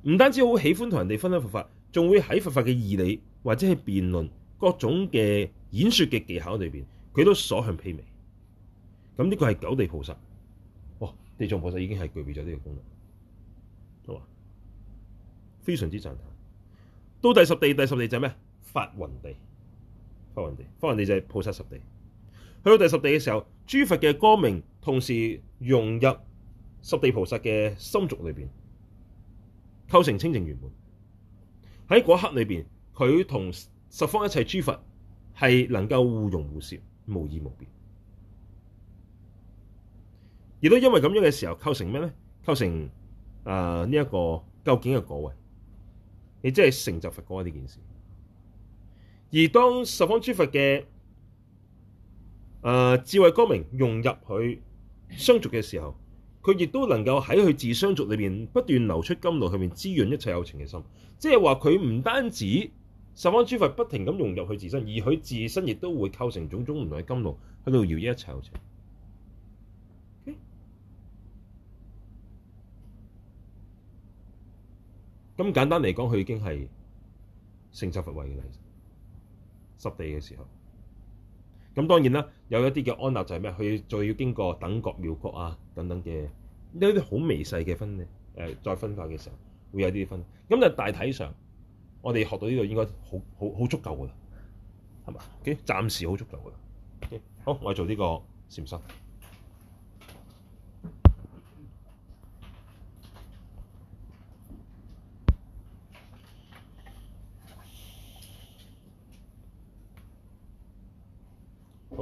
Speaker 1: 唔單止好喜歡同人哋分享佛法，仲會喺佛法嘅義理或者係辯論各種嘅演説嘅技巧裏邊，佢都所向披靡。咁呢個係九地菩薩，哇、哦、地藏菩薩已經係具備咗呢個功能，好啊，非常之讚嘆。到第十地、第十地就係咩？法雲地，法雲地，法雲地就係菩薩十地。去到第十地嘅時候，諸佛嘅光明同時融入十地菩薩嘅心續裏邊，構成清淨圓滿。喺嗰刻裏邊，佢同十方一切諸佛係能夠互融互攝，無二無別。亦都因為咁樣嘅時候，構成咩咧？構成誒呢一、呃這個究竟嘅果位，亦即係成就習習佛果呢件事。
Speaker 2: 而
Speaker 1: 當十方諸佛嘅誒、呃、智慧光明融入佢相續嘅時候，佢亦都能夠喺佢自相續裏邊不斷流出甘露去面滋潤一切有情嘅心。即係話佢唔單止十方諸佛不停咁融入佢自身，而佢自身亦都會構成種種唔同嘅甘露喺度搖曳一切有情。咁簡單嚟講，佢已經係成就佛位嘅啦。十地嘅時候，咁當然啦，有一啲嘅安立就係咩？佢再要經過等覺、妙覺啊，等等嘅呢啲好微細嘅分誒，再分化嘅時候會有啲分咁。就大體上，我哋學到呢度應該好好好足夠㗎啦，係嘛？O K，暫時好足夠㗎啦。O K，好，我做呢個禪修。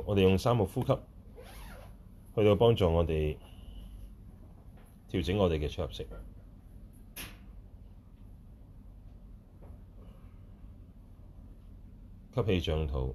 Speaker 1: 我哋用三目呼吸，
Speaker 2: 去到幫助我哋調整我哋嘅出入息，吸氣漲肚。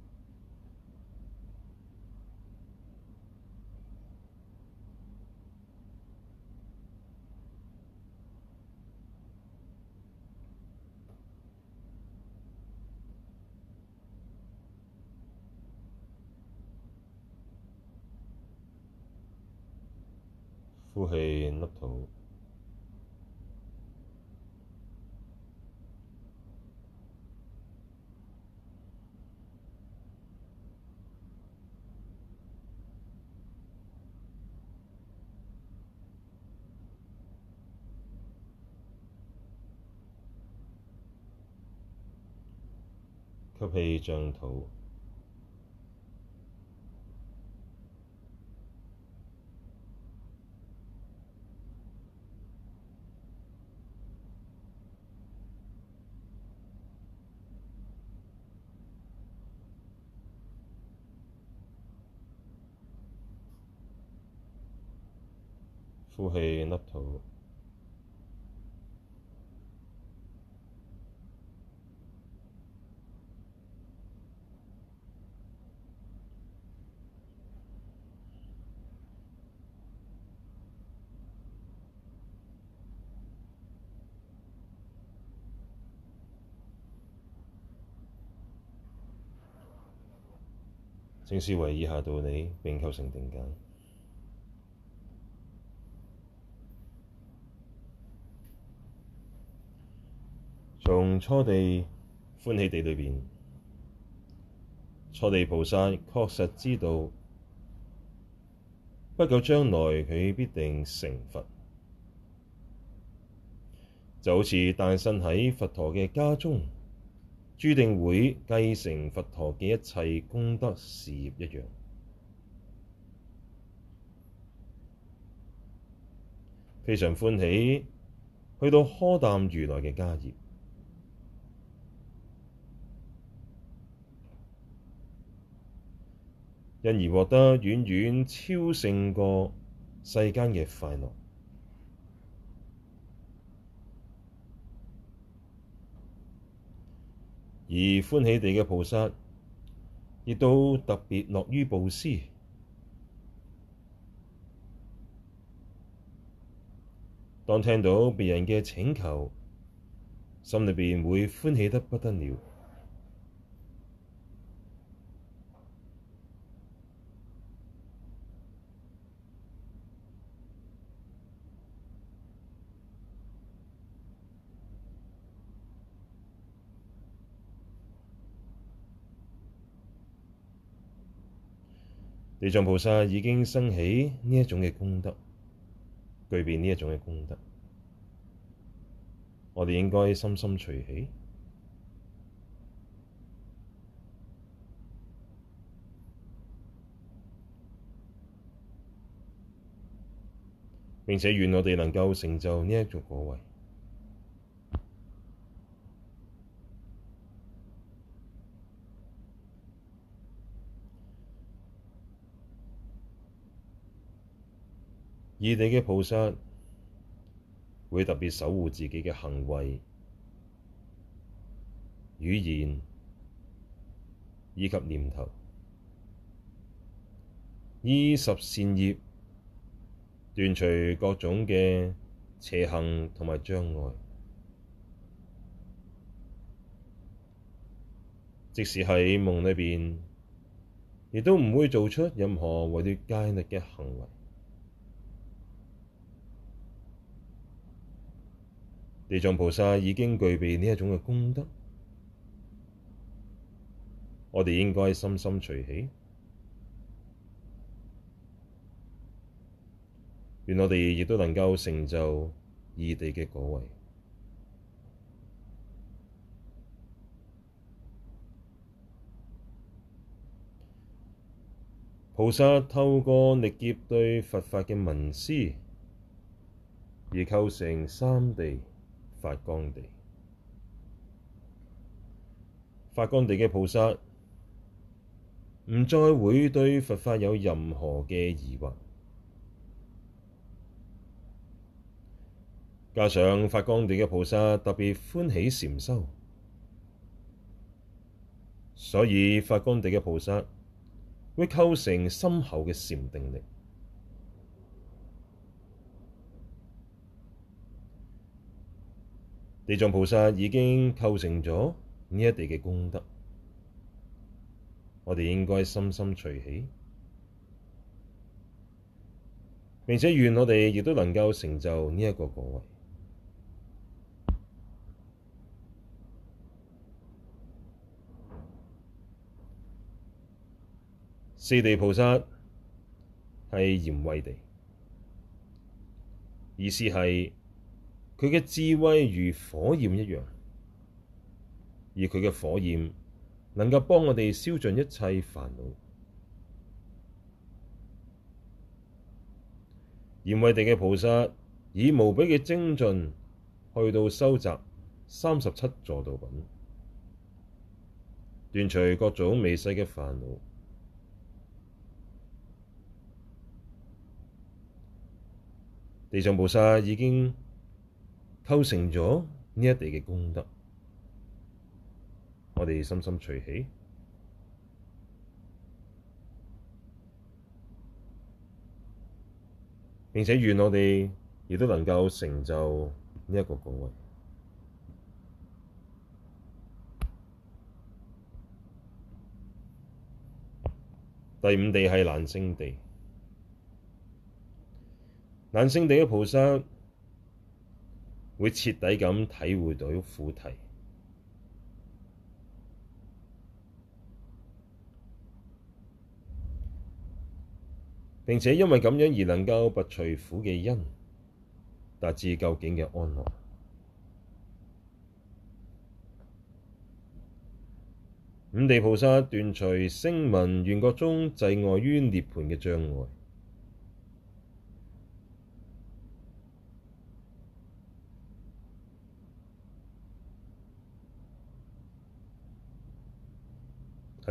Speaker 2: 吸氣，凹肚；吸氣，漲肚。呼氣，凹肚。正思維以下道理，並構成定解。從初地歡喜地裏面，初地菩薩確實知道，不久將來佢必定成佛，
Speaker 1: 就好似誕生喺佛陀嘅家中，注定會繼承佛陀嘅一切功德事業一樣，非常歡喜，去到荷擔如來嘅家業。因而獲得遠遠超
Speaker 2: 勝過世間嘅快樂，
Speaker 1: 而歡喜地嘅菩薩，亦都特別樂於布施。當聽到別人嘅
Speaker 2: 請求，心裏邊會歡喜得不得了。地藏菩薩已經生起呢一種嘅功德，具備呢一種嘅功德，
Speaker 1: 我哋應該心心隨喜，
Speaker 2: 並且願我哋能夠成就呢一種果位。二地嘅菩薩會特別守護自己嘅行為、語言
Speaker 1: 以及念頭，依十善業，斷除各種嘅邪行同埋障礙。即使喺夢裏邊，亦都唔會做出任何違越戒律嘅
Speaker 2: 行為。地藏菩薩已經具備呢一種嘅功德，
Speaker 1: 我哋應該心心隨喜，願我哋亦都能夠成就二地嘅果位。菩薩透過歷劫對佛法嘅聞思而構成三地。發光地，發光地嘅菩薩唔再會對佛法有任何嘅疑惑。加上發光地嘅菩薩特別歡喜禪修，所以發光地嘅菩薩會構成深厚嘅禪定力。
Speaker 2: 地藏菩薩已經構成咗呢一地嘅功德，
Speaker 1: 我哋應該心心隨喜，並且願我哋亦都能夠成就呢一個果位。
Speaker 2: 四地菩薩係
Speaker 1: 焰慧地，意思係。佢嘅智慧如火焰一樣，而佢嘅火焰能夠幫我哋燒盡一切煩惱。焰慧地嘅菩薩以無比嘅精進，去到收集三十七座道品，斷除各種微細嘅煩惱。
Speaker 2: 地上菩薩已經。透承咗呢一地嘅功德，我哋心心隨喜，並且願我哋亦都能夠成就呢一個果位。
Speaker 1: 第五地係難勝地，難勝地嘅菩薩。會徹底咁體會到苦諦，並且因為咁樣而能夠拔除苦嘅因，達至究竟嘅安樂。五地菩薩斷除聲聞、緣覺中，滯礙於涅槃嘅障礙。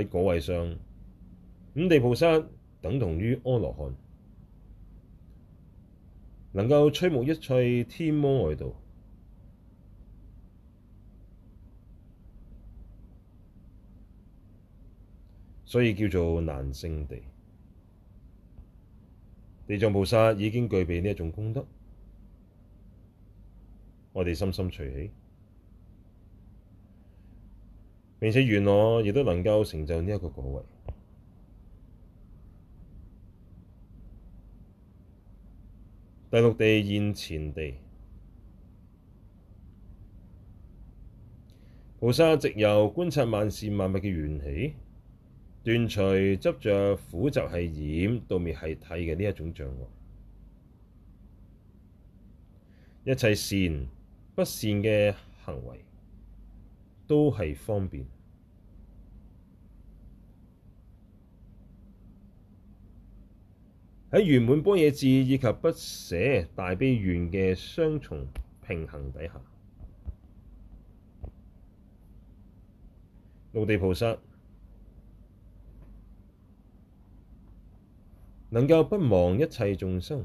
Speaker 1: 喺果位上，五地菩薩等同於阿羅漢，能夠摧伏一切天魔外道，
Speaker 2: 所以叫做難勝地。
Speaker 1: 地藏菩薩已經具備呢一種功德，我哋深深隨喜。並且願我亦都能夠成就呢一個果位。第六地現前地，菩薩藉由觀察萬事萬物嘅緣起，斷除執着苦集係染、道滅係替嘅呢一種障礙，一切善不善嘅行為。都係方便喺圓滿般若智以及不捨大悲願嘅雙重平衡底下，六地菩薩能夠不忘一切眾生。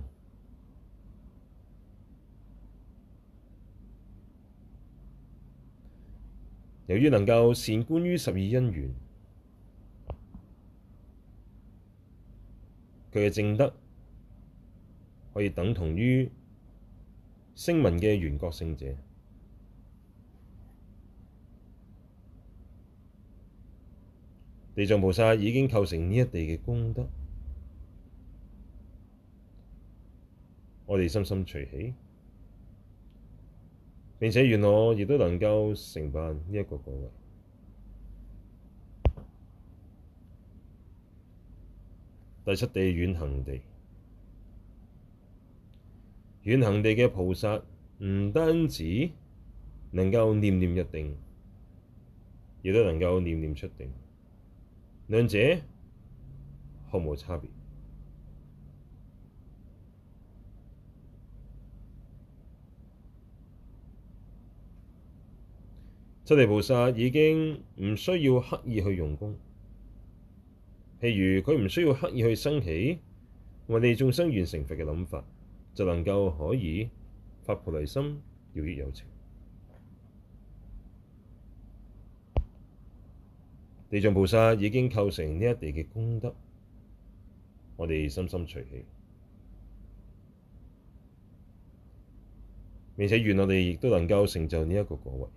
Speaker 1: 由於能夠善觀於十二因緣，佢嘅正德可以等同於聲聞嘅緣覺聖者，
Speaker 2: 地藏菩薩已經構成呢一地嘅功德，我哋深深隨喜。並且，願我亦都能夠承辦呢一個果位。第七地遠行地，
Speaker 1: 遠行地嘅菩薩唔單止能夠念念入定，亦都能夠念念出定，
Speaker 2: 兩者毫無差別。
Speaker 1: 七地菩薩已經唔需要刻意去用功，譬如佢唔需要刻意去生起為利眾生完成佛嘅諗法，就能夠可以發菩提心，饒益有情。地藏菩薩已經構成呢一地嘅功德，我哋深深隨喜，並且願我哋亦都能
Speaker 2: 夠成就呢一個果位。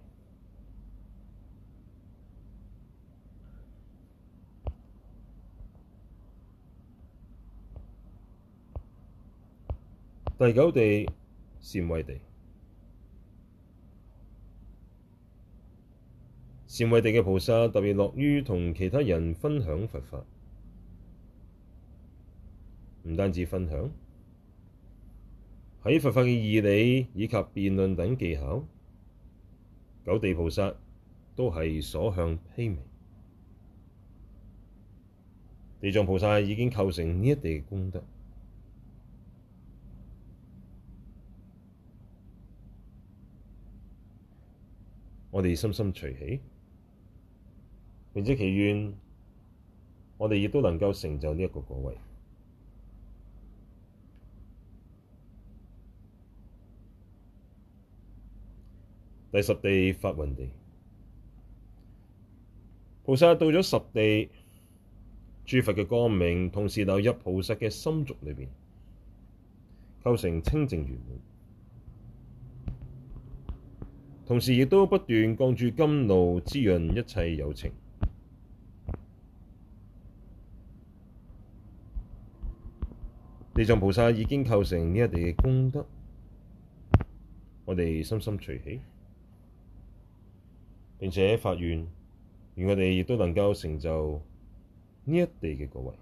Speaker 1: 第九地，善慧地，善慧地嘅菩薩特別樂於同其他人分享佛法，唔單止分享，喺佛法嘅義理以及辯論等技巧，九地菩薩都係所向
Speaker 2: 披靡。地藏菩薩已經構成呢一地嘅功德。
Speaker 1: 我哋心心隨喜，明知祈願，我哋亦都能夠成就呢一個果位。第十地法雲地，菩薩到咗十地，諸佛嘅光明同時流入菩薩嘅心續裏面，構成清淨圓滿。同時亦都不斷降注甘露，滋潤一切有情。地藏菩薩已經構成呢一地嘅功德，我哋深深隨喜，並且發願，願我哋亦都能夠成就呢一地嘅果位。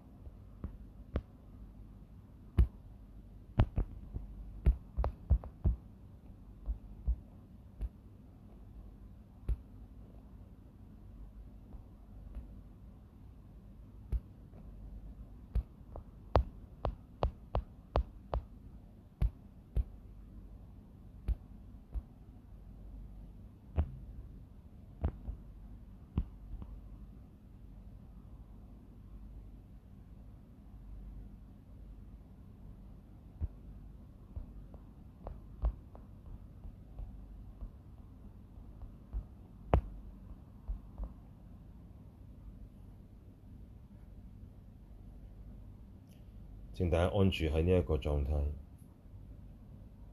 Speaker 2: 請大家安住喺呢一個狀態，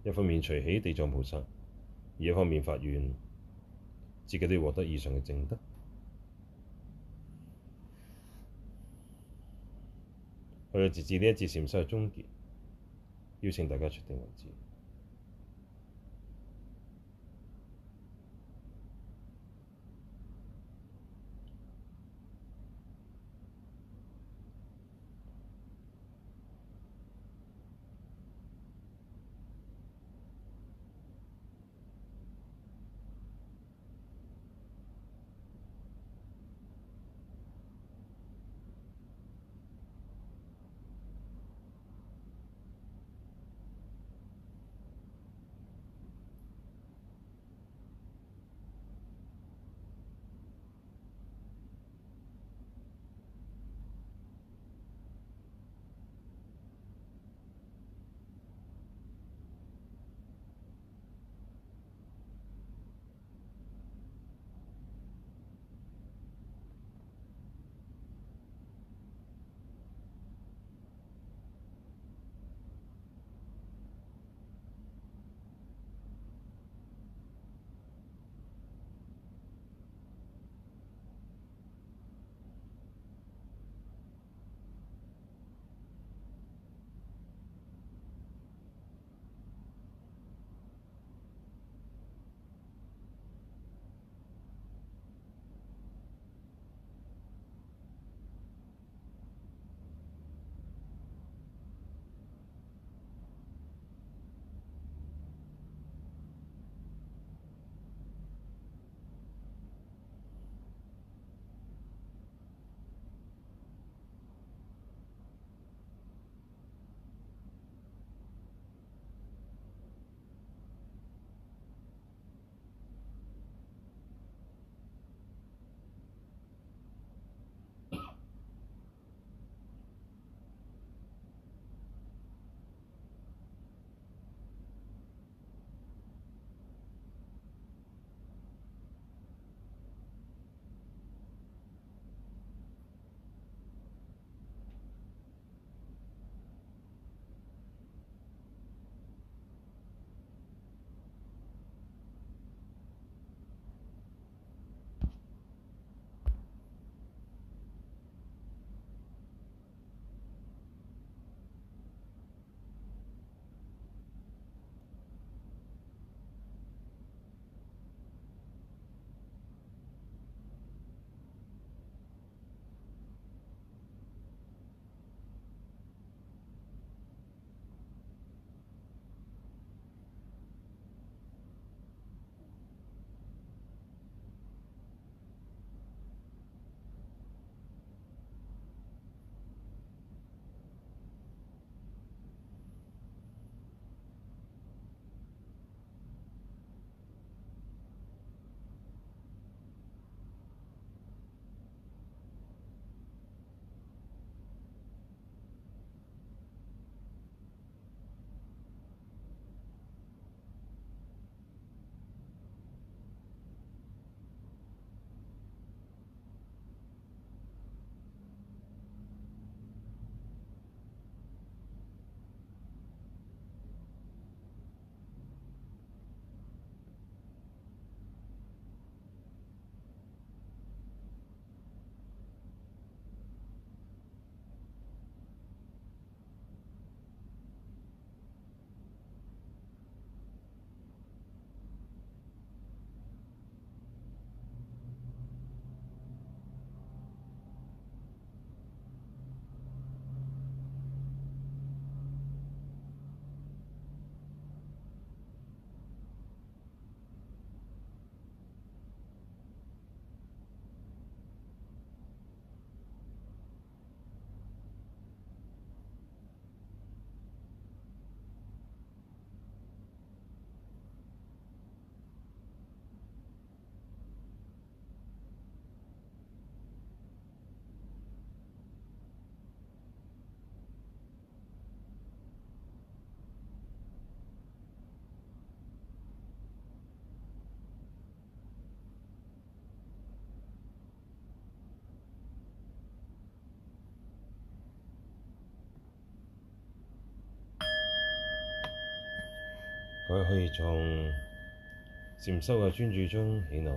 Speaker 2: 一方面隨喜地藏菩薩，而一方面發願自己都可以獲得以上嘅正德。我哋直至呢一節禪修嘅終結，邀請大家出定為止。佢可以從禪修嘅專注中起來。